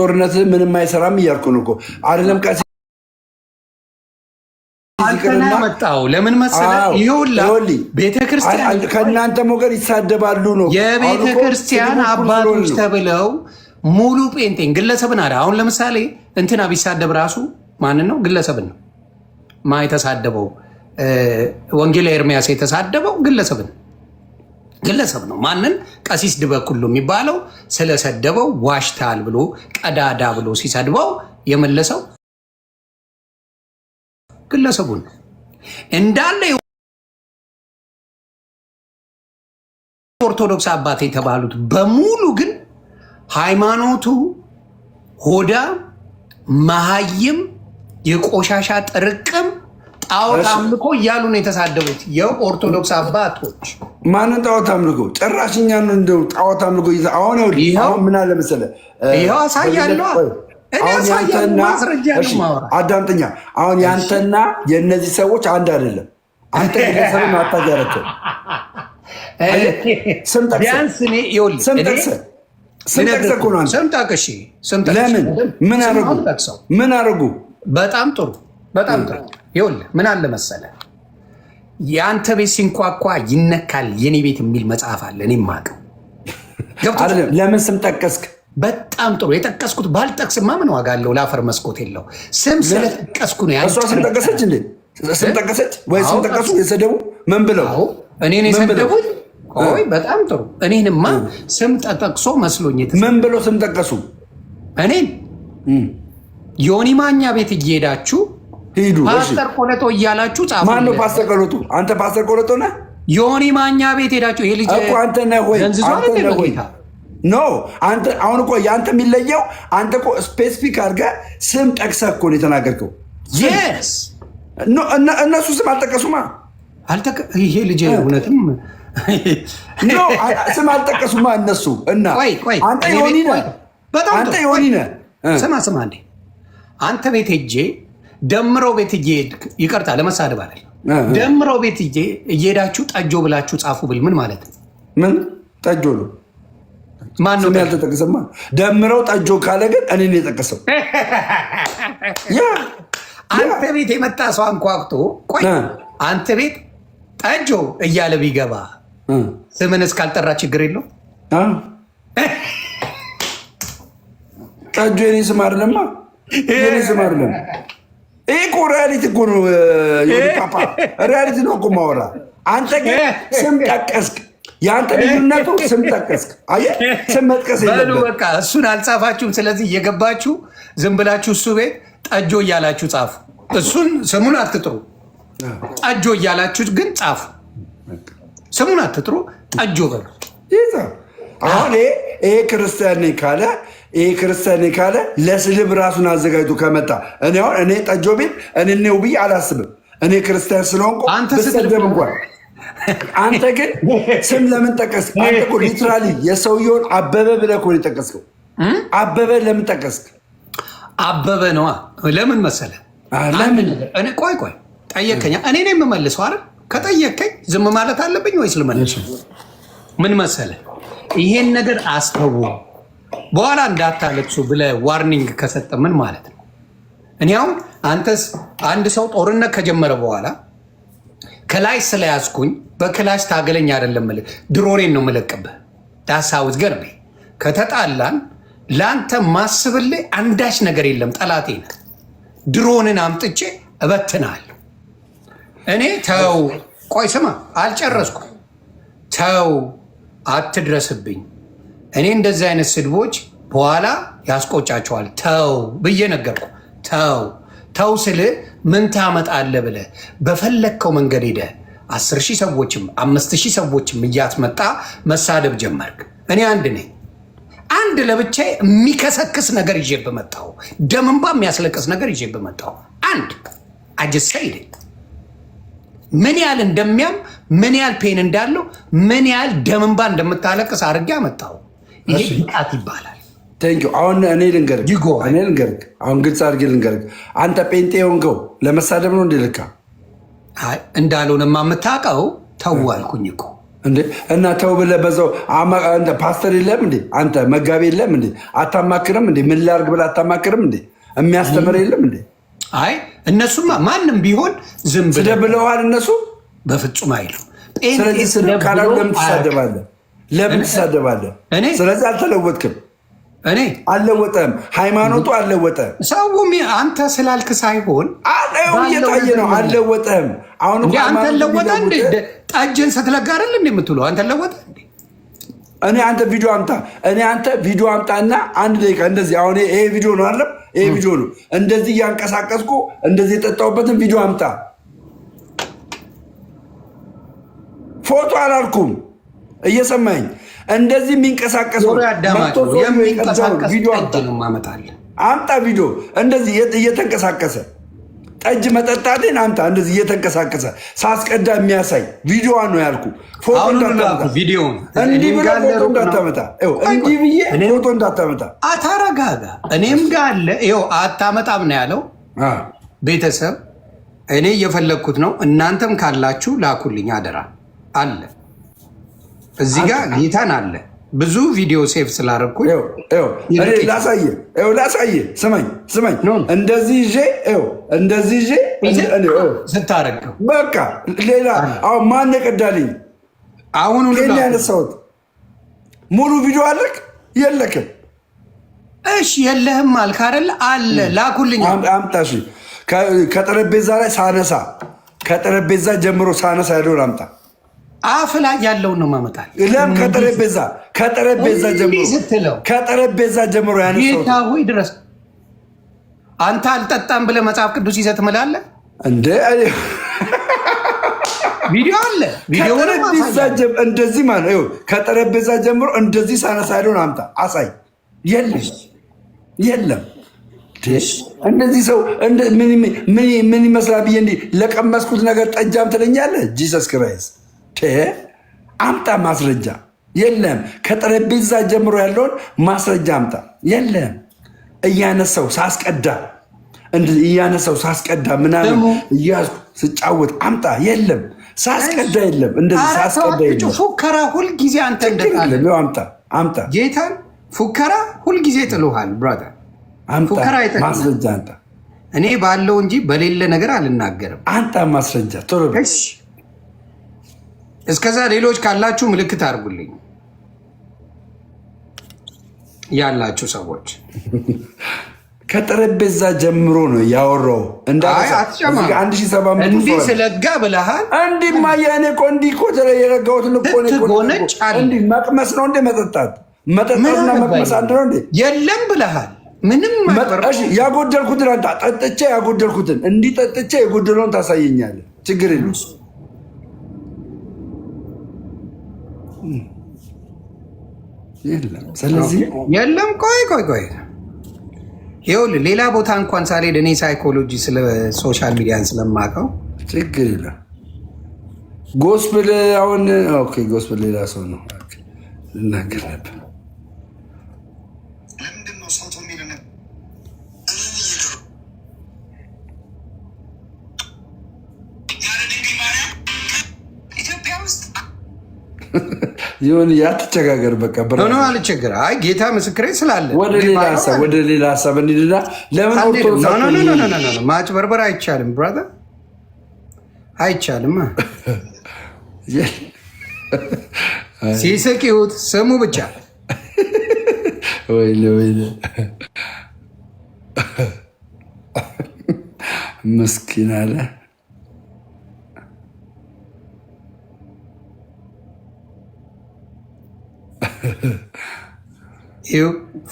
ጦርነት ምንም አይሰራም እያልኩ ነው እኮ አይደለም። ቀስ መጣው ለምን መሰለህ? ቤተክርስቲያን ከእናንተ ሞገድ ይሳደባሉ ነው የቤተክርስቲያን አባቶች ተብለው ሙሉ ጴንጤን ግለሰብን አለ። አሁን ለምሳሌ እንትና ቢሳደብ ራሱ ማንን ነው? ግለሰብን ነው ማ የተሳደበው። ወንጌላ ኤርሚያስ የተሳደበው ግለሰብን ግለሰብ ነው። ማንን ቀሲስ ድበኩሉ የሚባለው ስለሰደበው ዋሽታል ብሎ ቀዳዳ ብሎ ሲሰድበው የመለሰው ግለሰቡ ነው እንዳለ ኦርቶዶክስ አባት የተባሉት በሙሉ ግን ሃይማኖቱ ሆዳ መሃይም የቆሻሻ ጥርቅም ጣዖት አምልኮ እያሉ ነው የተሳደቡት የው ኦርቶዶክስ አባቶች። ማንን ጣዖት አምልኮ? ጭራሽ ነው እንደው ጣዖት አምልኮ አሁን ምን አለ መሰለህ፣ ይኸው አሳያለሁ። አዳምጠኛ። አሁን ያንተና የእነዚህ ሰዎች አንድ አይደለም። አንተ ግለሰብን አታጋራቸው። ስም ጠቅሰህ ስም ጠቅሰህ ለምን ምን አረጉ? በጣም ጥሩ፣ በጣም ጥሩ ይኸውልህ ምን አለ መሰለ የአንተ ቤት ሲንኳኳ ይነካል የኔ ቤት የሚል መጽሐፍ አለ። እኔ የማውቀው ለምን ስም ጠቀስክ? በጣም ጥሩ የጠቀስኩት ባልጠቅስማ ምን ዋጋ አለው? ለአፈር መስኮት የለው። ስም ስለጠቀስኩ ነው። እሷ ስም ጠቀሰች እንዴ? ስም ጠቀሰች ወይ? ስም ጠቀሱ? የሰደቡ ምን ብለው እኔን የሰደቡ? ይ በጣም ጥሩ። እኔንማ ስም ተጠቅሶ መስሎኝ። ምን ብለው ስም ጠቀሱ? እኔን ዮኒ ማኛ ቤት እየሄዳችሁ ሂዱ ፓስተር ቆለጦ እያላችሁ ጻፉ። ማን ነው ፓስተር ቆለጦ? አንተ ፓስተር ቆለጦ ነህ? ዮኒ ማኛ ቤት ሄዳችሁ ይሄ ልጅ እኮ አንተ ነህ ወይ? አንተ ነህ ወይ? ኖ አንተ አሁን እኮ ያንተ የሚለየው አንተ እኮ ስፔሲፊክ አድርገህ ስም ጠቅሰህ እኮ ነው የተናገርከው። የስ እነሱ ስም አልጠቀሱማ። ይሄ ልጅ እውነትም ስም አልጠቀሱማ እነሱ እና አንተ ዮኒ ነህ። አንተ ዮኒ ነህ። ስማ ስማ፣ አንዴ አንተ ቤት ሄጄ ደምረው ቤት እየሄድ ይቅርታ ለመሳደብ አይደለም። ደምረው ቤት እየሄዳችሁ ጠጆ ብላችሁ ጻፉ ብል ምን ማለት ነው? ምን ጠጆ ነው? ማን ነው ያልተጠቀሰማ? ደምረው ጠጆ ካለ ግን እኔን የጠቀሰው አንተ ቤት የመጣ ሰው አንኳኩቶ ቆይ አንተ ቤት ጠጆ እያለ ቢገባ ስምን እስካልጠራ ችግር የለው። ጠጆ የኔ ስም አይደለማ፣ የኔ ስም አይደለም ይህ እኮ ሪያሊቲ እኮ ነው። ፓፓ ሪያሊቲ ነው እኮ ማወራ። አንተ ግን ስም ጠቀስክ። የአንተ ልዩነቱ ስም ጠቀስክ። አየህ፣ ስም መጥቀስ በቃ እሱን አልጻፋችሁም። ስለዚህ እየገባችሁ ዝም ብላችሁ እሱ ቤት ጠጆ እያላችሁ ጻፉ። እሱን ስሙን አትጥሩ። ጠጆ እያላችሁ ግን ጻፉ። ስሙን አትጥሩ። ጠጆ በሉ። አሁን ይሄ ክርስቲያን ካለ ይሄ ክርስቲያን ካለ ለስድብ ራሱን አዘጋጅቶ ከመጣ እኔ አሁን እኔ ጠጆ ቤት እኔ ብዬ አላስብም። እኔ ክርስቲያን ስለሆንኩ ብሰደብ እንኳን አንተ ግን ስም ለምን ጠቀስክ? አንተ ሊትራሊ የሰውየውን አበበ ብለህ እኮ ነው የጠቀስከው። አበበ ለምን ጠቀስክ? አበበ ነዋ። ለምን መሰለህ? ለምን ቆይ ቆይ ጠየከኛ። እኔ ነው የምመልሰው አይደል? ከጠየከኝ ዝም ማለት አለብኝ ወይስ ልመልስ? ምን መሰለህ? ይሄን ነገር አስተውል በኋላ እንዳታለቅሱ ብለ ዋርኒንግ ከሰጠ ምን ማለት ነው? እኔ አሁን አንተስ አንድ ሰው ጦርነት ከጀመረ በኋላ ከላይ ስለያዝኩኝ በክላሽ ታገለኝ አይደለም ምልክ ነው ምለቅብህ። ዳሳውዝ ገርቤ ከተጣላን ለአንተ ማስብልህ አንዳች ነገር የለም። ጠላቴ ነህ። ድሮንን አምጥቼ እበትናለሁ። እኔ ተው ቆይ ስማ፣ አልጨረስኩም። ተው አትድረስብኝ እኔ እንደዚህ አይነት ስድቦች በኋላ ያስቆጫቸዋል ተው ብዬ ነገርኩ። ተው ተው ስል ምን ታመጣለህ ብለ በፈለግከው መንገድ ሄደ አስር ሺህ ሰዎችም አምስት ሺህ ሰዎችም እያስመጣ መሳደብ ጀመርክ። እኔ አንድ ነኝ አንድ ለብቻ የሚከሰክስ ነገር ይዤ ብመጣሁ ደምንባ የሚያስለቅስ ነገር ይዤ ብመጣሁ አንድ አጅሳይድ ምን ያህል እንደሚያም ምን ያህል ፔን እንዳለው ምን ያህል ደምንባ እንደምታለቅስ አድርጌ አመጣሁ። ይሄ ብቃት ይባላል። ቴንክ ዩ። አሁን እኔ ልንገርህ እኔ ልንገርግ አሁን ግልጽ አድርጌ ልንገርግ አንተ ጴንጤ ሆንከው ለመሳደብ ነው እንዴ? ልካ እንዳልሆነማ የምታውቀው ተው አልኩኝ እኮ እንዴ። እና ተው ብለህ በዛው ፓስተር የለም እንዴ? አንተ መጋቢ የለም እንዴ? አታማክርም እንዴ? ምን ላድርግ ብለህ አታማክርም እንዴ? የሚያስተምር የለም እንዴ? አይ እነሱማ ማንም ቢሆን ዝም ብለህ ስደብ እነሱ በፍጹም አይሉ። ስለዚህ ስድብ ካላሉ ትሳደባለህ? ለምን ትሳደባለህ? ስለዚህ አልተለወጥክም። እኔ አልለወጠም። ሃይማኖቱ አልለወጠም። ሰውም አንተ ስላልክ ሳይሆን እየታየ ነው። አልለወጠም። አሁን አንተ ለወጠ እንዴ? ጠጅን ስትለጋ አይደል እንዴ የምትውለው? አንተ ለወጠ እኔ አንተ ቪዲዮ አምጣ፣ እኔ አንተ ቪዲዮ አምጣ እና አንድ ደቂቃ እንደዚህ። አሁን ይሄ ቪዲዮ ነው አለ፣ ይሄ ቪዲዮ ነው። እንደዚህ እያንቀሳቀስኩ እንደዚህ የጠጣሁበትን ቪዲዮ አምጣ። ፎቶ አላልኩም እየሰማኝ እንደዚህ የሚንቀሳቀስ አምጣ ቪዲዮ እንደዚህ እየተንቀሳቀሰ ጠጅ መጠጣቴን አምጣ። እንደዚህ እየተንቀሳቀሰ ሳስቀዳ የሚያሳይ ቪዲዮዋ ነው ያልኩ። ፎቶ እንዲህ ብለህ ፎቶ እንዳታመጣ፣ እንዲህ ብዬ ፎቶ እንዳታመጣ። አታረጋጋ። እኔም ጋር አለ። ይኸው አታመጣም ነው ያለው። ቤተሰብ እኔ እየፈለግኩት ነው። እናንተም ካላችሁ ላኩልኝ አደራ አለ እዚህ ጋር ጌታን አለ ብዙ ቪዲዮ ሴፍ ስላደረኩኝ ላሳየ ላሳየ። ስመኝ ስማኝ፣ እንደዚህ ይዤ እንደዚህ ይዤ ስታረገው በቃ ሌላ አሁን ማን የቀዳልኝ? አሁን ሁሉ ያነሳሁት ሙሉ ቪዲዮ አለክ የለክም? እሺ የለህም አልክ አይደል? አለ ላኩልኝ፣ አምጣ። ከጠረጴዛ ላይ ሳነሳ ከጠረጴዛ ጀምሮ ሳነሳ ያለውን አምጣ አፍ ላይ ያለውን ነው ማመጣል። ከጠረጴዛ ከጠረጴዛ ጀምሮ ስትለው ከጠረጴዛ ጀምሮ ጌታ ሆይ ድረስ አንተ አልጠጣም ብለህ መጽሐፍ ቅዱስ ይዘህ ትምላለህ እንደ ቪዲዮ አለ። ከጠረጴዛ እንደዚህ ማለት ነው። ከጠረጴዛ ጀምሮ እንደዚህ ሳነሳ ያለውን አምጣ አሳይ። የለም የለም። እንደዚህ ሰው ምን ይመስላል ብዬ ለቀመስኩት ነገር ጠጃም ትለኛለህ። ጂሰስ ክራይስት አምጣ ማስረጃ የለም። ከጠረጴዛ ጀምሮ ያለውን ማስረጃ አምጣ። የለም እያነሳው ሳስቀዳ እያነሳው ሳስቀዳ ምናምን እያዝኩ ስጫወት አምጣ የለም ሳስቀዳ የለም። እንደዚህ ሳስቀዳ የለም። ፉከራ ሁልጊዜ አንተ እንደጣለ አምጣ አምጣ ጌታን ፉከራ ሁልጊዜ ጥሉሃል። ብራዳ ፉከራ ማስረጃ አምጣ። እኔ ባለው እንጂ በሌለ ነገር አልናገርም። አንተ ማስረጃ ቶሎ እስከዛ ሌሎች ካላችሁ ምልክት አድርጉልኝ። ያላችሁ ሰዎች ከጠረጴዛ ጀምሮ ነው ያወራው። እንዳአንዲህ ስለጋ ብለሃል። እንዲህማ የእኔ እኮ እንዲህ እኮ የረጋሁት መቅመስ ነው እንዴ? መጠጣት መጠጣትና መቅመስ አንድ ነው እንዴ? የለም ብለሃል። ምንም ያጎደልኩትን ጠጥቼ ያጎደልኩትን እንዲህ ጠጥቼ የጎደለውን ታሳየኛለህ። ችግር የለም የለም። ስለዚህ የለም። ቆይ ቆይ ቆይ ሌላ ቦታ እንኳን ሳልሄድ እኔ ሳይኮሎጂ ስለ ሶሻል ሚዲያን ስለማውቀው ችግር የለም። ጎስፕል አሁን ኦኬ፣ ጎስፕል ሌላ ሰው ነው ልናገር ነበር። Ha ha ha. ይሁን አትቸጋገር። በቃ ሆኖ አልቸገር። አይ ጌታ ምስክሬ ስላለ ወደ ሌላ ሀሳብ ወደ ሌላ ሀሳብ እንዲድና ለምን ማጭበርበር አይቻልም? ብራዘር አይቻልም። ሲሰቂሁት ስሙ ብቻ። ወይ ወይ ምስኪን አለ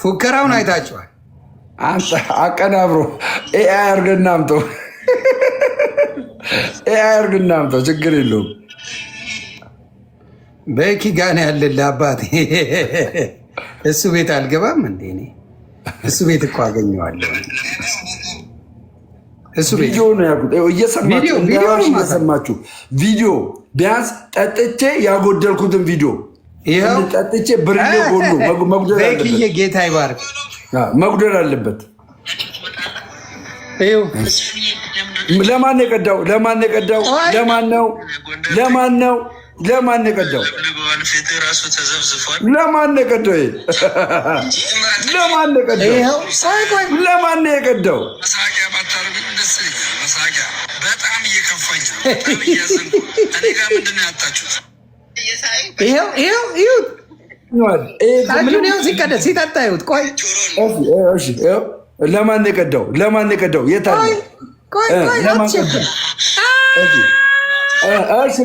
ፉከራውን አይታችኋል። አቀናብሮ ኤአይ አድርገን እናምጠው፣ ኤአይ አድርገን እናምጠው፣ ችግር የለውም። በኪ ጋን ያለል አባት እሱ ቤት አልገባም እንዴ? እኔ እሱ ቤት እኮ አገኘዋለሁ። እሱ ቤት እየሰማችሁ ቪዲዮ ቢያንስ ጠጥቼ ያጎደልኩትን ቪዲዮ ጠጥቼ ብርሌ ጎሉ መጉደል አለበት። ጌታ ይባርክ መጉደል አለበት። ለማን የቀዳው? ለማን የቀዳው? ለማን ነው? ለማን ነው? ለማን የቀዳው? ለማን የቀዳው? ለማን የቀዳው? ለማን የቀዳው? በጣም እየከፋኝ ነው። እኔ ጋር ምንድን ነው ያጣችሁት? ይኸው ይኸው ይሁት ጠጁን ይኸው ሲቀደ ሲጠጣ ይሁት። ቆይ ለማን የቀዳው ለማን የቀዳው የታለ?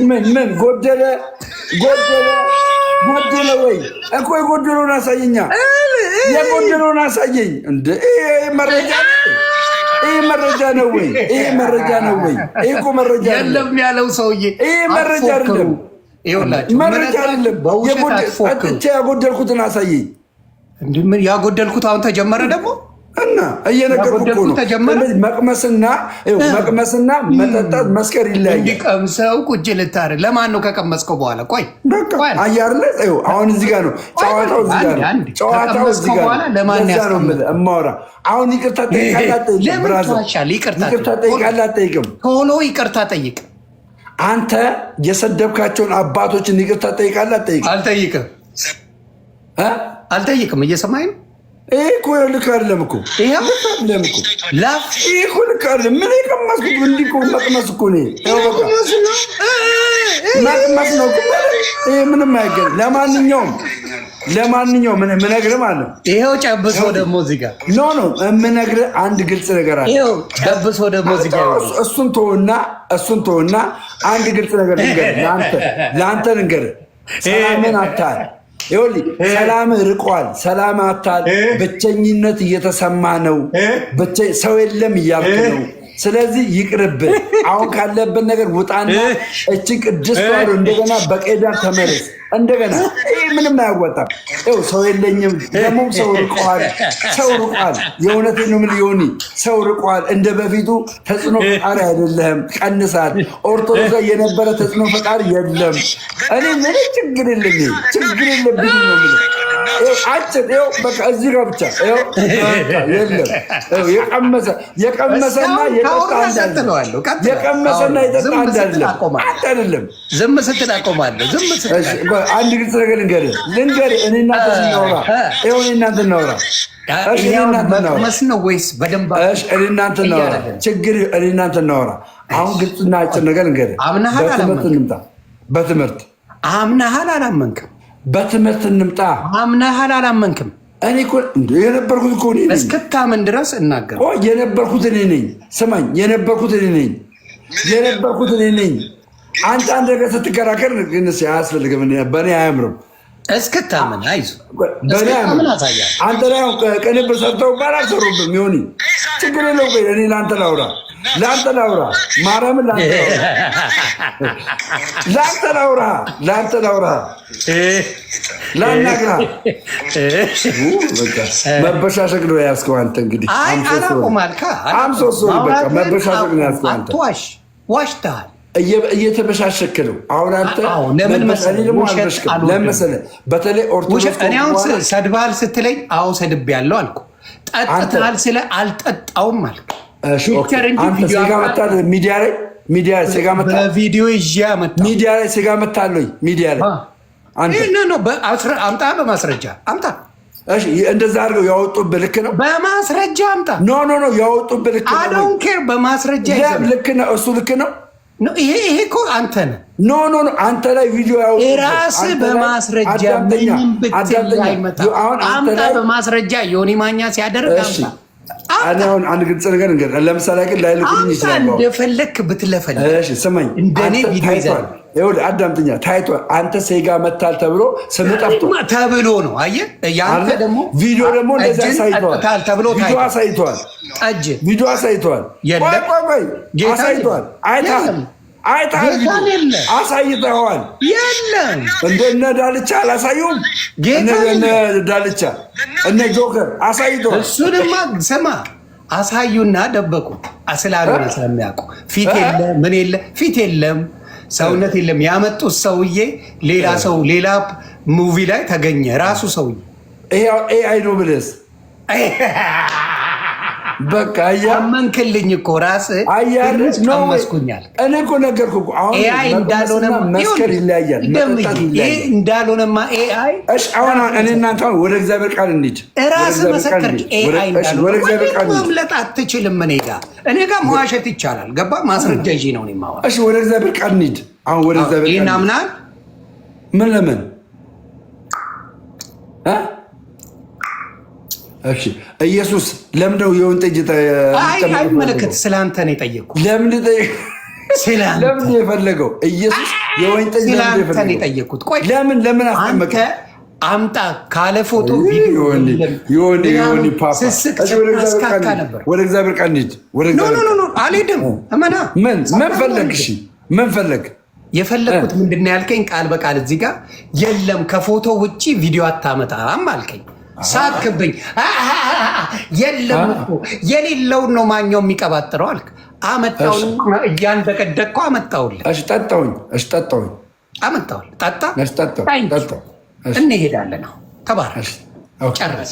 ምን ምን ጎደለ ጎደለ ጎደለ ወይ እኮ የጎደለውን አሳየኛ የጎደለውን አሳየኝ። እንደ መረጃ ይህ መረጃ ነው ወይ? ይህ መረጃ ነው ወይ? ይህ እኮ መረጃ የለም ያለው ሰውዬ ይህ መረጃ አይደለም። ይኸውላችሁ ያጎደልኩትን አሳየኝ። ምን ያጎደልኩት አሁን ተጀመረ ደግሞ እና እየነገርኩህ ነው። መቅመስና መቅመስና መጠጣት መስከር ይለያል። እንዲቀምሰው ቁጭ ልታደርግ ለማን ነው? ከቀመስከው በኋላ ቆይ አያርለ አሁን እዚህ ጋር ነው ጨዋታው፣ እዚህ ጋር ነው ጨዋታው፣ እዚህ ጋር ነው ለማን ያስቀምጥ እማወራ አሁን ይቅርታ ጠይቃለህ። ይቅርታ ጠይቃለህ። አትጠይቅም? ቶሎ ይቅርታ ጠይቅ አንተ የሰደብካቸውን አባቶችን ይቅርታ ጠይቃለህ? አልጠይቅም። አልጠይቅም። እየሰማኸኝ ነው? ይሄ እኮ ልክ አይደለም እኮ ይሄ ልክ አይደለም እኮ ላፍ ይሄ እኮ ልክ አይደለም። ምን የቀመስኩ እንዲህ እኮ መቅመስ እኮ ነው። መቅመስ ነው ይሄ ምንም አይገርም። ለማንኛውም ለማንኛውም የምነግርህ ማለት ይሄው ጨብሶ ደግሞ እዚህ ጋር ኖ ኖ የምነግርህ አንድ ግልጽ ነገር አለ። ይሄው ጨብሶ ደግሞ እዚህ ጋር እሱን ተወና እሱን ተወና አንድ ግልጽ ነገር ልንገርህ፣ ለአንተ ልንገርህ ሰላምን አታል ሰላም ርቋል። ሰላም አታል ብቸኝነት እየተሰማ ነው። ሰው የለም እያልክ ነው ስለዚህ ይቅርብን። አሁን ካለብን ነገር ውጣና እችን ቅድስት ተዋሕዶ እንደገና በቀይ ተመለስ። እንደገና ይህ ምንም አያዋጣም። ው ሰው የለኝም። ደግሞ ሰው ርቋል፣ ሰው ርቋል። የእውነት ነው የምልህ ዮኒ፣ ሰው ርቋል። እንደ በፊቱ ተጽዕኖ ፈጣሪ አይደለም። ቀንሳል። ኦርቶዶክስ ላይ የነበረ ተጽዕኖ ፈጣሪ የለም። እኔ ምን ችግር የለኝ ችግር የለብኝ ነው አጭር ው በቃ እዚህ ጋር ብቻ የለም። የቀመሰ የቀመሰና የቀመሰና የጠጣ አይደለም። ዝም ስትል አቆማለሁ። አንድ ግልጽ ነገር ልንገርህ ልንገርህ። እኔ እናንተ ስናወራ ይኸው እኔ እናንተ እናወራ ነው ወይስ በደንብ እናንተ እናወራ ችግር እኔ እናንተ እናወራ። አሁን ግልጽና አጭር ነገር ልንገርህ። በትምህርት አምናሃል አላመንክም በትምህርት እንምጣ። አምናህል አላመንክም። እኔ የነበርኩት እኮ እስክታምን ድረስ እናገር። የነበርኩት እኔ ነኝ። ስማኝ፣ የነበርኩት እኔ ነኝ። የነበርኩት እኔ ነኝ። አንተ አንድ ነገር ስትከራከር ግን አያስፈልግም፣ በእኔ አያምርም። እስክታምን አይዞህ፣ እስክታምን አሳያለሁ። አንተ ላይ ቅንብር ሰርተውብህ አላሰሩብህም? ይሁን ችግር የለውም። እኔ ለአንተ ላውራ ለአንተ ላውራ ማርያምን ለአንተ ላውራ ለአንተ ላውራ ላናግራ መበሻሸቅ ነው ያስከው አንተ እንግዲህ። አይ አላውቅም አምሶ ሶሪ በቃ መበሻሸቅ ነው ያስከው አንተ። ዋሽ ዋሽተሃል እየተበሻሸክ ነው። አሁን አንተ ለምን መሰለህ በተለይ ኦርቶዶክስ ሰድባል ስትለኝ አዎ ሰድብ ያለው አልኩ። ጠጥታል ስለ አልጠጣውም አልኩ ሚዲያ ላይ ቪዲዮ ሚዲያ ላይ ስጋ መታለኝ ሚዲያ ላይ አምጣ፣ በማስረጃ አምጣ። እንደዛ አድርገው ያወጡብህ ልክ ነው። በማስረጃ አምጣ። ኖ ኖ ኖ ያወጡብህ ልክ ነው። በማስረጃ ልክ ነው። እሱ ልክ ነው። ይሄ እኮ አንተ ነህ። ኖ ኖ ኖ አንተ ላይ ቪዲዮ ራስህ በማስረጃ ምንም ብትል አይመጣም። አምጣ በማስረጃ ዮኒ ማኛ ሲያደርግ አምጣ። እኔ አሁን አንድ ግልጽ ነገር እንግዲህ ለምሳሌ ግን ላይልኩልኝ ይችላል። እንደፈለክ ብትለፈልግ እንደኔ ቪዲዮ ይዘህ ይኸውልህ አዳምጥኛ ታይቶ አንተ ሴጋ መታል ተብሎ ስም ጠፍቶ ተብሎ ነው። አየ ያንተ ደግሞ ቪዲዮ ደግሞ እንደዚያ አሳይተዋል ተብሎ ቪዲዮ አሳይተዋል ጠጅ ቪዲዮ አሳይተዋል አሳይተዋል አይተሃል አይተሃል አሳይተዋል የለም እንደነ ዳልቻ አላሳዩም። እነ ዳልቻ እነ ጆከር አሳይተዋል። እሱንማ ስማ አሳዩና ደበቁ ስላልሆነ ስለሚያውቁ ፊት የለ ምን የለ ፊት የለም ሰውነት የለም። ያመጡት ሰውዬ ሌላ ሰው ሌላ ሙቪ ላይ ተገኘ ራሱ ሰውዬ ይሄ አይኖ ብለስ በቃ አመንክልኝ እኮ ራስህ አያርስ ነው እኔ እኮ ነገርኩ እኮ አሁን ኤአይ እንዳልሆነማ መስከር ይለያያል እንዳልሆነማ ኤአይ እሺ አሁን እኔ እናንተ ወደ እግዚአብሔር ቃል እንሂድ ራስ መሰከር ኤአይ እንዳልሆነ መምለጥ አትችልም እኔ ጋር እኔ ጋር መዋሸት ይቻላል ገባ ማስረጃ ይዤ ነው እኔ የማወራው እሺ ወደ እግዚአብሔር ቃል እንሂድ አሁን ወደ እግዚአብሔር ቃል ይህን አምናል ምን ለምን እሺ ኢየሱስ ለምደው ነው የወይን ጠጅ? አይ አይመለከት ስለ አንተ ነው የጠየቁ ለምን ለምን የፈለገው ኢየሱስ የወይን ጠጅ ለምን የጠየቅኩት? ቆይ ለምን ለምን አስመከ አምጣ ካለ ፎቶ ወደ እግዚአብሔር ቃል አልሄድም። ምን ፈለግ? ምን ፈለግ? የፈለግኩት ምንድን ነው ያልከኝ? ቃል በቃል እዚህ ጋር የለም። ከፎቶ ውጭ ቪዲዮ አታመጣም አልከኝ። ሳክብኝ። የለም እኮ የሌለውን ነው ማኛው የሚቀባጥረው አልክ። አመጣውና እያንደቀደቅኩ አመጣውልህ። እሺ ጠጣውኝ። እሺ ጠጣውኝ። አመጣውልህ። ጠጣ። እሺ ጠጣው። ጠጣው። እንሄዳለን። አሁን ተባረክ። ጨረስ።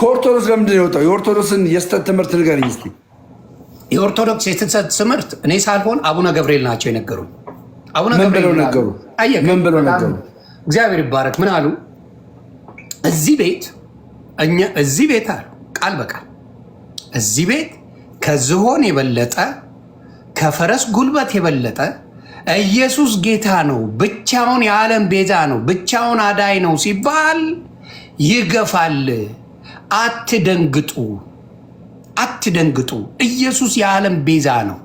ከኦርቶዶክስ ለምንድን የወጣው? የኦርቶዶክስን የስተት ትምህርት ንገረኝ እስኪ። የኦርቶዶክስ የስተት ትምህርት እኔ ሳልሆን አቡነ ገብርኤል ናቸው የነገሩኝ። አቡነ ገብርኤል ነገሩ። ምን ብለው ነገሩ? እግዚአብሔር ይባረክ። ምን አሉ? እዚህ ቤት እዚህ ቤት አሉ ቃል በቃል እዚህ ቤት ከዝሆን የበለጠ ከፈረስ ጉልበት የበለጠ ኢየሱስ ጌታ ነው፣ ብቻውን የዓለም ቤዛ ነው፣ ብቻውን አዳይ ነው ሲባል ይገፋል። አትደንግጡ፣ አትደንግጡ። ኢየሱስ የዓለም ቤዛ ነው።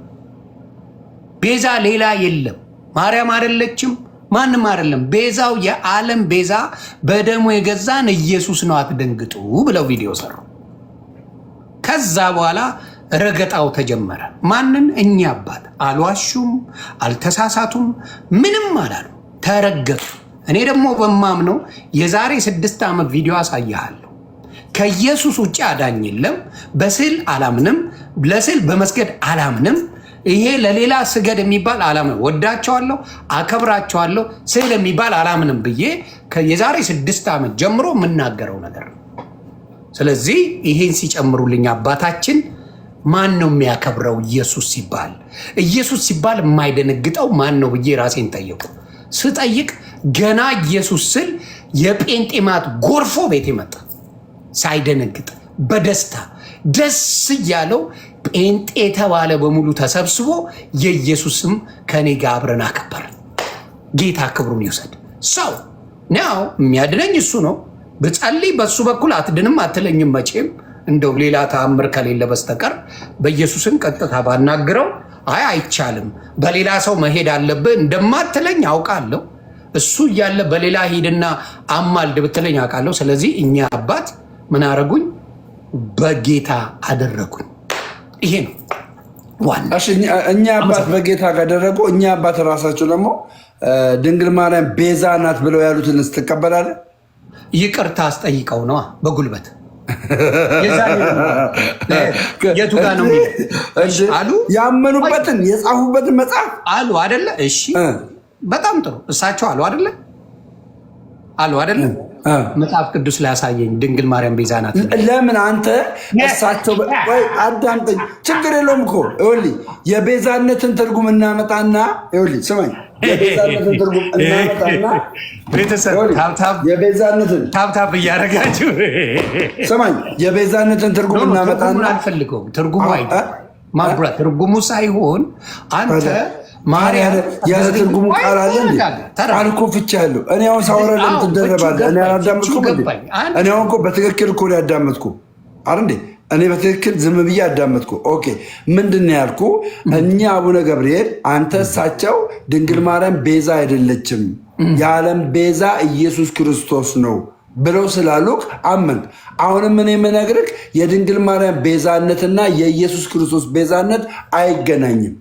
ቤዛ ሌላ የለም። ማርያም አይደለችም። ማንም አይደለም። ቤዛው የዓለም ቤዛ በደሙ የገዛን ኢየሱስ ነው፣ አትደንግጡ ብለው ቪዲዮ ሰሩ። ከዛ በኋላ ረገጣው ተጀመረ። ማንን? እኛ አባት። አልዋሹም፣ አልተሳሳቱም፣ ምንም አላሉ፣ ተረገጡ። እኔ ደግሞ በማምነው የዛሬ ስድስት ዓመት ቪዲዮ አሳያሃለሁ። ከኢየሱስ ውጭ አዳኝ የለም። በስዕል አላምንም፣ ለስዕል በመስገድ አላምንም ይሄ ለሌላ ስገድ የሚባል አላምንም። ወዳቸዋለሁ፣ አከብራቸዋለሁ፣ ስል የሚባል አላምንም ብዬ የዛሬ ስድስት ዓመት ጀምሮ የምናገረው ነገር ነው። ስለዚህ ይሄን ሲጨምሩልኝ አባታችን ማን ነው የሚያከብረው? ኢየሱስ ሲባል ኢየሱስ ሲባል የማይደነግጠው ማን ነው ብዬ ራሴን ጠየቁ። ስጠይቅ ገና ኢየሱስ ስል የጴንጤማት ጎርፎ ቤት መጣ። ሳይደነግጥ በደስታ ደስ እያለው ጴንጤ የተባለ በሙሉ ተሰብስቦ የኢየሱስም ከኔ ጋር አብረን አከበርን። ጌታ ክብሩን ይውሰድ። ሰው ናው የሚያድነኝ እሱ ነው። ብጸልይ በሱ በኩል አትድንም አትለኝም መቼም እንደው ሌላ ተአምር ከሌለ በስተቀር በኢየሱስን ቀጥታ ባናግረው አይ አይቻልም፣ በሌላ ሰው መሄድ አለብህ እንደማትለኝ አውቃለሁ። እሱ እያለ በሌላ ሂድና አማልድ ብትለኝ አውቃለሁ። ስለዚህ እኛ አባት ምን አረጉኝ? በጌታ አደረጉኝ። ይሄ ነው ዋና እኛ አባት በጌታ ካደረጉ እኛ አባት ራሳቸው ደግሞ ድንግል ማርያም ቤዛ ናት ብለው ያሉትን ስትቀበላለ ይቅርታ አስጠይቀው ነዋ በጉልበት የቱ ጋ ነው አሉ። ያመኑበትን የጻፉበትን መጽሐፍ አሉ አደለ? እሺ፣ በጣም ጥሩ እሳቸው አሉ አደለ? አሉ አደለ? መጽሐፍ ቅዱስ ላያሳየኝ ድንግል ማርያም ቤዛ ናት። ለምን አንተ እሳቸው ወይ አዳምጠኝ፣ ችግር የለውም እኮ ይኸውልህ፣ የቤዛነትን ትርጉም እናመጣና ይኸውልህ፣ ስማኝ፣ የቤዛነትን ትርጉም እናመጣና ታብታብ እያደረጋችሁ ስማኝ፣ የቤዛነትን ትርጉም እናመጣና አልፈልገውም ትርጉሙ ማጉራት ትርጉሙ ሳይሆን አንተ ማርያም ያለ ትርጉሙ ቃል አለ ቃል ፍቻ ያለው እኔ አሁን ሳወራ ለምን ትደረባለህ? እኔ አላዳመጥኩም። እኔ አሁን በትክክል እኮ ያዳመጥኩ አይደል? እኔ በትክክል ዝም ብዬ አዳመጥኩ። ኦኬ ምንድን ነው ያልኩ? እኛ አቡነ ገብርኤል አንተ እሳቸው ድንግል ማርያም ቤዛ አይደለችም፣ የዓለም ቤዛ ኢየሱስ ክርስቶስ ነው ብለው ስላሉክ አመንክ። አሁንም እኔ የምነግርህ የድንግል ማርያም ቤዛነትና የኢየሱስ ክርስቶስ ቤዛነት አይገናኝም።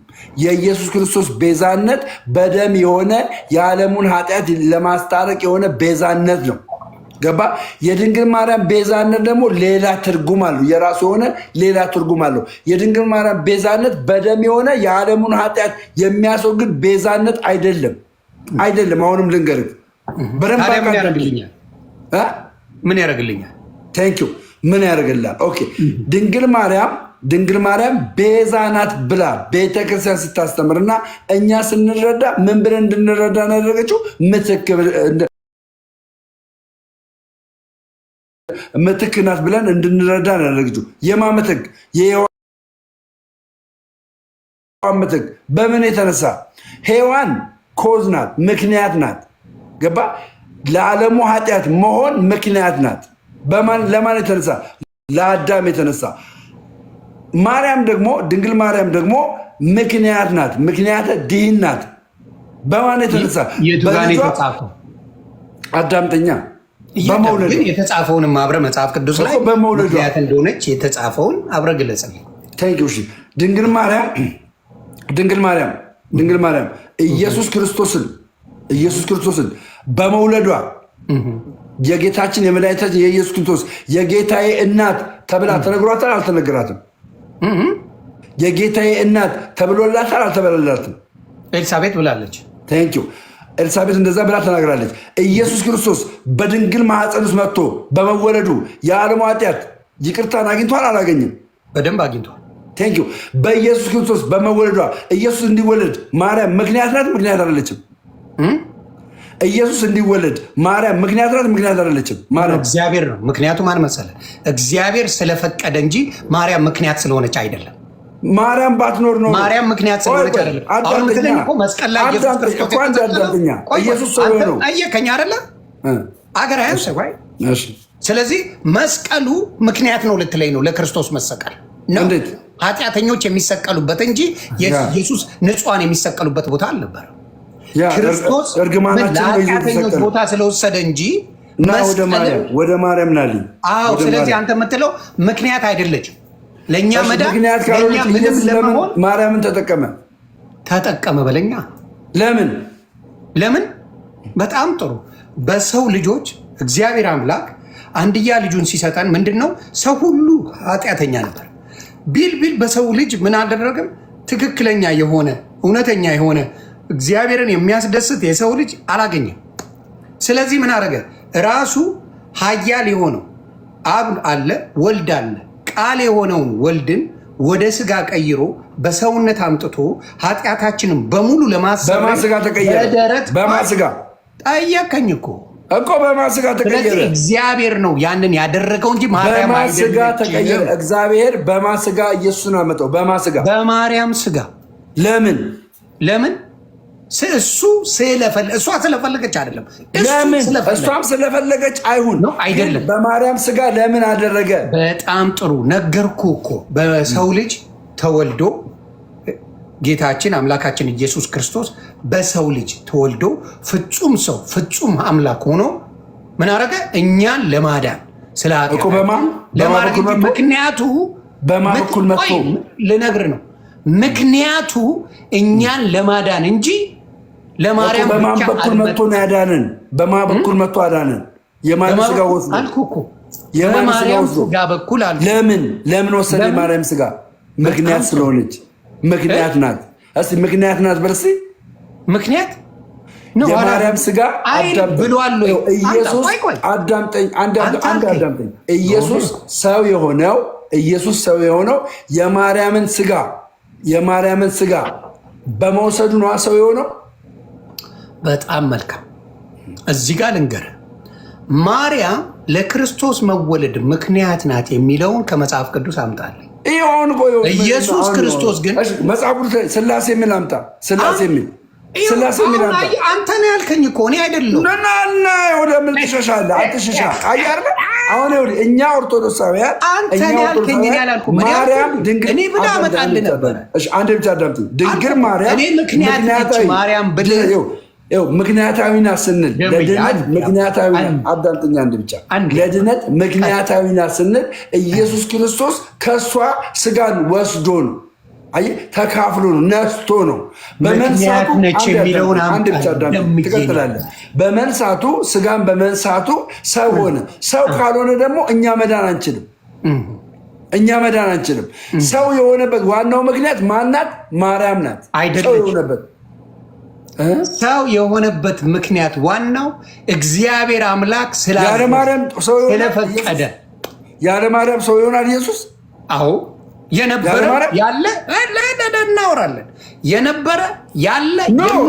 የኢየሱስ ክርስቶስ ቤዛነት በደም የሆነ የዓለሙን ኃጢአት ለማስታረቅ የሆነ ቤዛነት ነው። ገባ? የድንግል ማርያም ቤዛነት ደግሞ ሌላ ትርጉም አለው። የራሱ የሆነ ሌላ ትርጉም አለው። የድንግል ማርያም ቤዛነት በደም የሆነ የዓለሙን ኃጢአት የሚያስወግድ ቤዛነት አይደለም፣ አይደለም። አሁንም ልንገርህ በደንብ ምን ያደርግልኛል? ቴንኪው ምን ያደርግላል? ኦኬ ድንግል ማርያም ድንግል ማርያም ቤዛ ናት ብላ ቤተክርስቲያን ስታስተምርና እኛ ስንረዳ ምን ብለን እንድንረዳ ያደረገችው ምትክ ናት ብለን እንድንረዳ ያደረገችው የማ ምትክ የሔዋን ምትክ በምን የተነሳ ሔዋን ኮዝ ናት ምክንያት ናት ገባ ለዓለሙ ኃጢአት መሆን ምክንያት ናት። ለማን የተነሳ? ለአዳም የተነሳ። ማርያም ደግሞ ድንግል ማርያም ደግሞ ምክንያት ናት። ምክንያት ድህን ናት። በማን የተነሳ? አዳምጠኛ በመውለድ የተጻፈውን አብረ መጽሐፍ ቅዱስ ላይ ምክንያት እንደሆነች የተጻፈውን አብረ ግለጽ። ድንግል ማርያም ድንግል ማርያም ድንግል ማርያም ኢየሱስ ክርስቶስን ኢየሱስ ክርስቶስን በመውለዷ የጌታችን የመድኃኒታችን የኢየሱስ ክርስቶስ የጌታዬ እናት ተብላ ተነግሯታል? አልተነገራትም? የጌታዬ እናት ተብሎላታል? አልተበላላትም? ኤልሳቤት ብላለች። ቴንኪው ኤልሳቤት እንደዛ ብላ ተናግራለች። ኢየሱስ ክርስቶስ በድንግል ማኅፀን ውስጥ መጥቶ በመወለዱ የዓለሙ ኃጢአት ይቅርታን አግኝቷል? አላገኝም? በደንብ አግኝቷል። ቴንኪው በኢየሱስ ክርስቶስ በመወለዷ ኢየሱስ እንዲወለድ ማርያም ምክንያት ናት? ምክንያት አይደለችም? ኢየሱስ እንዲወለድ ማርያም ምክንያት ናት? ምክንያት አይደለችም። ማርያም እግዚአብሔር ነው ምክንያቱ። ማን መሰለ? እግዚአብሔር ስለፈቀደ እንጂ ማርያም ምክንያት ስለሆነች አይደለም። ማርያም ባትኖር ነው ማርያም ምክንያት ስለሆነች አይደለም። አሁን መስቀል ላይ ኢየሱስ ክርስቶስ ኢየሱስ ሰው ነው አየከኝ አይደለ? አገር አያንስ ወይ? ስለዚህ መስቀሉ ምክንያት ነው ልትለኝ ነው ለክርስቶስ መሰቀል ነው ኃጢአተኞች የሚሰቀሉበት እንጂ ኢየሱስ ንጹሐን የሚሰቀሉበት ቦታ አልነበረም። ክርስቶስ እርግማናችን ለኃጢአተኞች ቦታ ስለወሰደ እንጂ እና ወደ ማርያም ናል። አዎ፣ ስለዚህ አንተ የምትለው ምክንያት አይደለችም። ለእኛ መዳን ምንም ለመሆን ማርያምን ተጠቀመ ተጠቀመ በለኛ። ለምን ለምን? በጣም ጥሩ። በሰው ልጆች እግዚአብሔር አምላክ አንድያ ልጁን ሲሰጠን ምንድን ነው? ሰው ሁሉ ኃጢአተኛ ነበር ቢል ቢል በሰው ልጅ ምን አልደረገም? ትክክለኛ የሆነ እውነተኛ የሆነ እግዚአብሔርን የሚያስደስት የሰው ልጅ አላገኘም። ስለዚህ ምን አደረገ? ራሱ ኃያል የሆነው አብ አለ፣ ወልድ አለ። ቃል የሆነውን ወልድን ወደ ስጋ ቀይሮ በሰውነት አምጥቶ ኃጢአታችንን በሙሉ ለማስበማስጋ ተቀየረ። በማስጋ ጠየቀኝ እኮ እኮ በማስጋ ተቀየረ። እግዚአብሔር ነው ያንን ያደረገው እንጂ በማስጋ ተቀየረ። እግዚአብሔር በማስጋ ኢየሱስን አመጣው። በማስጋ በማርያም ስጋ ለምን ለምን እሱ እሷ ስለፈለገች አይደለም። ለምን እሷም ስለፈለገች አይሁን አይደለም። በማርያም ስጋ ለምን አደረገ? በጣም ጥሩ ነገርኩ እኮ በሰው ልጅ ተወልዶ ጌታችን አምላካችን ኢየሱስ ክርስቶስ በሰው ልጅ ተወልዶ ፍጹም ሰው ፍጹም አምላክ ሆኖ ምን አረገ? እኛን ለማዳን ስለ ለማድረግ ምክንያቱ በማኩል ልነግር ነው ምክንያቱ እኛን ለማዳን እንጂ ለማርያም በማን በኩል መጥቶ ነው ያዳነን? በማን በኩል መጥቶ አዳነን? የማርያም ስጋ ወስዶ የማርያም ስጋ በኩል አልኩ። ለምን ለምን ወሰደ የማርያም ስጋ? ምክንያት ስለሆነች ምክንያት ናት። እስኪ ምክንያት ናት በርሲ ምክንያት የማርያም ስጋ ብሏል። ኢየሱስ አዳምጠኝ፣ አንድ አዳምጠኝ። ኢየሱስ ሰው የሆነው ኢየሱስ ሰው የሆነው የማርያምን ስጋ የማርያምን ስጋ በመውሰዱ ነዋ ሰው የሆነው በጣም መልካም። እዚህ ጋር ልንገር፣ ማርያም ለክርስቶስ መወለድ ምክንያት ናት የሚለውን ከመጽሐፍ ቅዱስ አምጣልኝ። ኢየሱስ ክርስቶስ ግን መጽሐፍ ቅዱስ ስላሴ የሚል አምጣ፣ ስላሴ የሚል አንተ ያልከኝ እኮ እኔ አይደለሁም። ናና ወደ ምን ትሸሻለህ? አትሸሻ አያርለ አሁን ይኸውልህ፣ እኛ ኦርቶዶክሳውያን አንተ ያልከኝ እኔ አላልኩም። ማርያም ድንግል እኔ አመጣልህ እሺ አንዴ ብቻ አዳምጥ። ድንግል ማርያም እኔ ምክንያት ማርያም ይኸው ምክንያታዊ ናት ስንል ለድነት ምክንያታዊ አዳምጠኛ አንድ ብቻ ለድነት ምክንያታዊ ናት ስንል ኢየሱስ ክርስቶስ ከእሷ ስጋን ወስዶ ነው። አይ ተካፍሎ ነው ነስቶ ነው። በመንሳቱ አንድ ብቻ ትቀጥላለህ። በመንሳቱ ስጋን በመንሳቱ ሰው ሆነ። ሰው ካልሆነ ደግሞ እኛ መዳን አንችልም። እኛ መዳን አንችልም። ሰው የሆነበት ዋናው ምክንያት ማናት? ማርያም ናት። ሰው የሆነበት ሰው የሆነበት ምክንያት ዋናው እግዚአብሔር አምላክ ስለፈቀደ ያለማርያም ሰው ይሆናል ኢየሱስ። አዎ የነበረ ያለ እናወራለን። የነበረ ያለ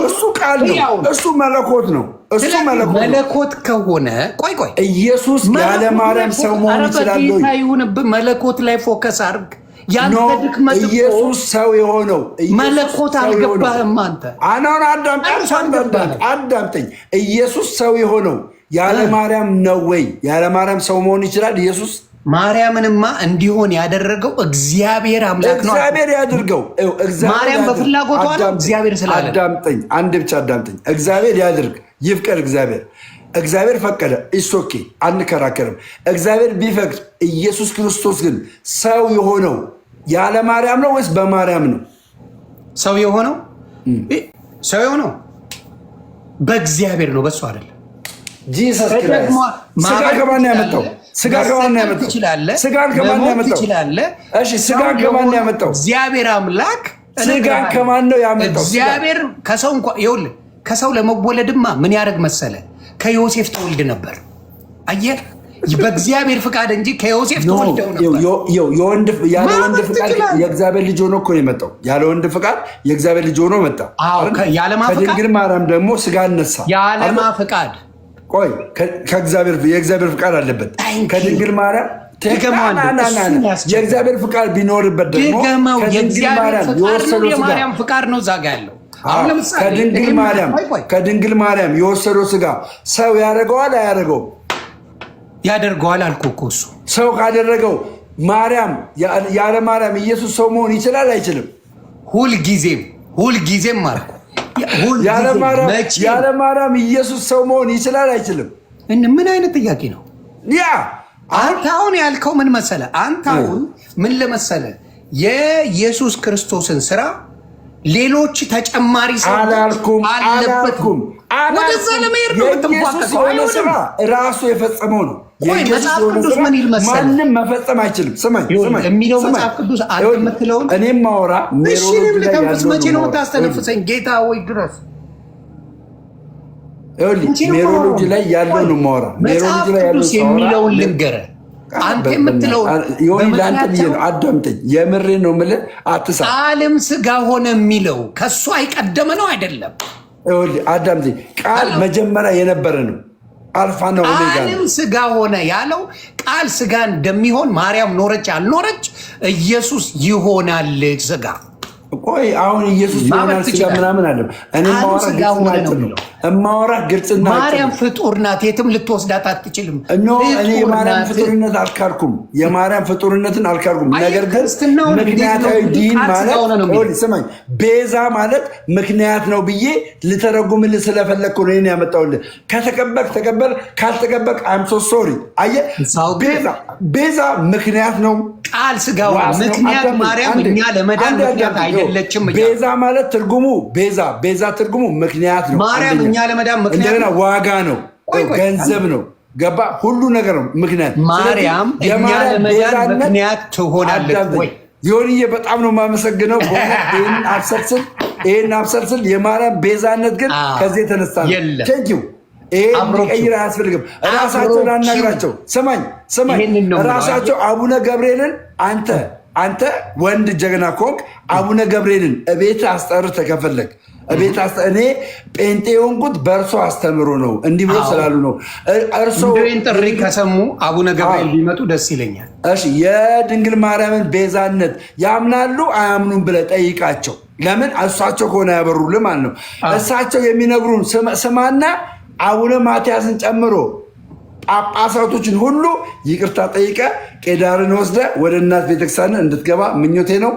እሱ ቃል ነው፣ እሱ መለኮት ነው። እሱ መለኮት ከሆነ ቆይ ቆይ ኢየሱስ ያለማርያም ሰው መሆን ይችላል። መለኮት ላይ ፎከስ አድርግ። ያንተ ኢየሱስ ሰው የሆነው መለኮት አልገባህም። አንተ አናን አዳምጠኝ። ኢየሱስ ሰው የሆነው ያለ ማርያም ነው ወይ? ያለ ማርያም ሰው መሆን ይችላል ኢየሱስ? ማርያምንማ እንዲሆን ያደረገው እግዚአብሔር አምላክ ነው። እግዚአብሔር ያድርገው። ማርያም በፍላጎቷ እግዚአብሔር ስላለ አዳምጠኝ፣ አንድ ብቻ አዳምጠኝ። እግዚአብሔር ያድርግ፣ ይፍቀድ እግዚአብሔር እግዚአብሔር ፈቀደ፣ ኢሶኬ አንከራከርም። እግዚአብሔር ቢፈቅድ ኢየሱስ ክርስቶስ ግን ሰው የሆነው ያለ ማርያም ነው ወይስ በማርያም ነው? ሰው የሆነው ሰው የሆነው በእግዚአብሔር ነው፣ በሱ አይደለም። ስጋ እግዚአብሔር አምላክ ስጋ ከማን ነው ያመጣው? እግዚአብሔር ከሰው እንኳን ይኸውልህ፣ ከሰው ለመወለድማ ምን ያደርግ መሰለህ ከዮሴፍ ተወልድ ነበር። አየህ፣ በእግዚአብሔር ፍቃድ እንጂ ከዮሴፍ ተወልደው ነበር። ያለ ወንድ ፍቃድ የእግዚአብሔር ልጅ ሆኖ እኮ ነው የመጣው። ያለ ወንድ ፍቃድ የእግዚአብሔር ልጅ ሆኖ መጣ። ከድንግል ማርያም ደግሞ ስጋ አነሳ። የዓለማ ፍቃድ ቆይ፣ የእግዚአብሔር ፍቃድ አለበት ከድንግል ማርያም የእግዚአብሔር ፍቃድ ቢኖርበት ደግሞ የእግዚአብሔር ፍቃድ ነው። የማርያም ፍቃድ ነው እዛ ጋ ያለው ከድንግል ማርያም ከድንግል ማርያም የወሰደው ስጋ ሰው ያደርገዋል አያደርገው? ያደርገዋል አልኩ እኮ እሱ ሰው ካደረገው ማርያም ያለ ማርያም ኢየሱስ ሰው መሆን ይችላል አይችልም? ሁልጊዜም ሁልጊዜም ማለት ያለ ማርያም ኢየሱስ ሰው መሆን ይችላል አይችልም? ምን አይነት ጥያቄ ነው ያ? አንተ አሁን ያልከው ምን መሰለ? አንተ አሁን ምን ለመሰለ የኢየሱስ ክርስቶስን ስራ ሌሎች ተጨማሪ ሰው አላልኩም ወደዛ ለመሄድ ነው የምትቧቀቀው። ራሱ የፈጸመው ነው። መጽሐፍ ማንም መፈጸም አይችልም። ስማኝ የሚለው መጽሐፍ ቅዱስ አለ የምትለውን እኔም ማወራ እሺንም ልተንፍስ። መቼ ነው የምታስተነፍሰኝ? ጌታ ወይ ድረስ ሜሮሎጂ ላይ ያለውን ማወራ መጽሐፍ ቅዱስ የሚለውን ልንገረህ አንተ የምትለው ለአንተ ብዬ ነው። አዳምጠኝ፣ የምሬ ነው የምልህ። አትሳ ቃልም ስጋ ሆነ የሚለው ከእሱ አይቀደመ ነው አይደለም? አዳምጠኝ፣ ቃል መጀመሪያ የነበረ ነው። አልፋ ነው ኦሜጋ። ቃልም ስጋ ሆነ ያለው ቃል ስጋ እንደሚሆን ማርያም ኖረች አልኖረች ኢየሱስ ይሆናል ስጋ። ቆይ አሁን ኢየሱስ ይሆናል ስጋ ምናምን አለም። እኔ ማወራ ነው እማወራ ግልጽና ማርያም ፍጡር ናት። የትም ልትወስዳት አትችልም። እኔ የማርያም ፍጡርነት አልካድኩም። የማርያም ፍጡርነትን አልካድኩም። ነገር ግን ምክንያታዊ ዲን ማለት ስማኝ፣ ቤዛ ማለት ምክንያት ነው ብዬ ልተረጉምልህ ስለፈለግኩ ነው ያመጣሁልህ። ከተቀበልክ ተቀበል፣ ካልተቀበልክ አም ሶ ሶሪ። አየህ፣ ቤዛ ምክንያት ነው። ቃል ስጋዋ ምክንያት ማርያም እኛ ለመዳን ምክንያት አይደለችም። ቤዛ ማለት ትርጉሙ ቤዛ ቤዛ ትርጉሙ ምክንያት ነው። እኛ ለመዳም እንደገና ዋጋ ነው፣ ገንዘብ ነው ገባ ሁሉ ነገር ነው ምክንያት። ማርያም እኛ ለመዳን ምክንያት ትሆናለች ወይ? ሊሆንዬ በጣም ነው የማመሰግነው። ይህን አብሰልስል ይህን አብሰልስል የማርያም ቤዛነት ግን ከዚህ የተነሳ ነው። ይሄን ቀይር አያስፈልግም። ራሳቸው ላናግራቸው። ስማኝ ስማኝ፣ ራሳቸው አቡነ ገብርኤልን አንተ አንተ ወንድ ጀግና ኮንክ አቡነ ገብርኤልን እቤት አስጠርተህ ከፈለግ ቤት እኔ ጴንጤ የሆንኩት በእርሶ አስተምሮ ነው እንዲህ ብሎ ስላሉ ነው። እርሶን ጥሪ ከሰሙ አቡነ ገብርኤል ቢመጡ ደስ ይለኛል። እሺ የድንግል ማርያምን ቤዛነት ያምናሉ አያምኑም ብለ ጠይቃቸው። ለምን እሳቸው ከሆነ ያበሩል ማለት ነው። እሳቸው የሚነግሩን ስማና አቡነ ማትያስን ጨምሮ ጳጳሳቶችን ሁሉ ይቅርታ ጠይቀ ቄዳርን ወስደ ወደ እናት ቤተክርስቲያን እንድትገባ ምኞቴ ነው።